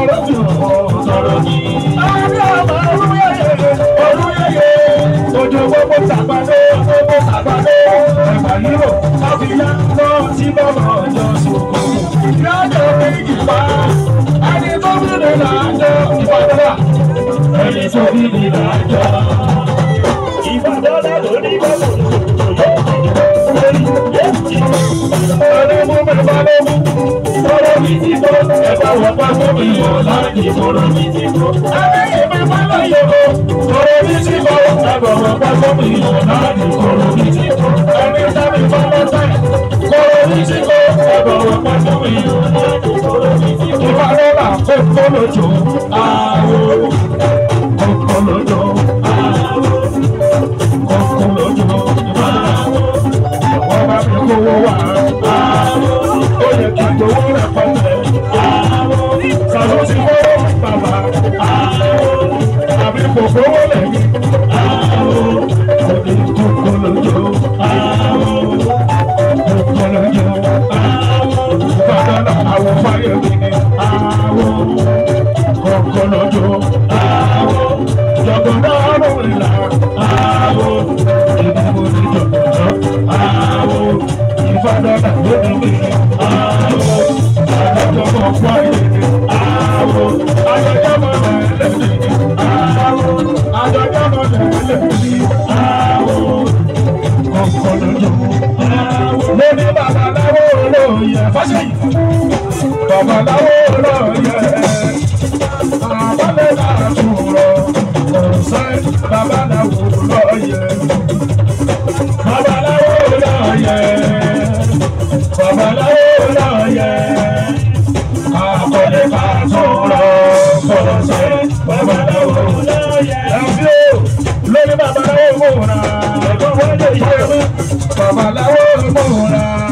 sọ̀rọ̀ jù sọ̀rọ̀ jì. Ààrẹ ọmọ Olúyẹ̀yẹ Olúyẹ̀yẹ òjò gbogbo tàgbàdo gbogbo tàgbàdo ẹ̀fà yúrò káfíyá lọ sí bọ́lá ọjọ́ sùn. Ìdájọ́ méjì pa ẹni tó bí ní làájọ́ ìpàdé wà ẹni tó bí ní làájọ́. mi ti tó bá fún mi yọ láti ìṣòro mi ti tó. Abẹ́yẹ mi máa o, ìṣòro mi ti tó. Ẹ bá bá fún mi yọ láti ìṣòro mi ti sábì bá lọ sáì, ìṣòro mi ti tó. Ẹ bá bá fún mi yọ láti ìṣòro mi ti tó. Ìwà rọ́bà lójó, àwọ̀ kò kó lójó, àwọ̀ kò kò fowó lẹ́yìn. Àwọ̀ òní kókó lójó. Àwọ̀ kókó lójó. Àwọ̀ bàbá àwọ̀ fáyọ̀ mi ni. Àwọ̀ kókó lójó. Àwọ̀ jọ̀gbọ̀dọ̀ ọ̀rùn ìlà. Àwọ̀ ìdìbò ti jọ̀gbọ̀dọ̀. Àwọ̀ ìfádọ́dà lónìí. Àwọ̀ àdàjọ́ ní babaláwo olóyè fásitì babaláwo olóyè àbálẹ̀ làtúrọ̀ ọ̀sẹ̀ babaláwo olóyè babaláwo olóyè babaláwo olóyè àkọlé làtúrọ̀ ọ̀sẹ̀ babaláwo olóyè lórí babaláwo wòran aláwọ̀ mọ̀ra.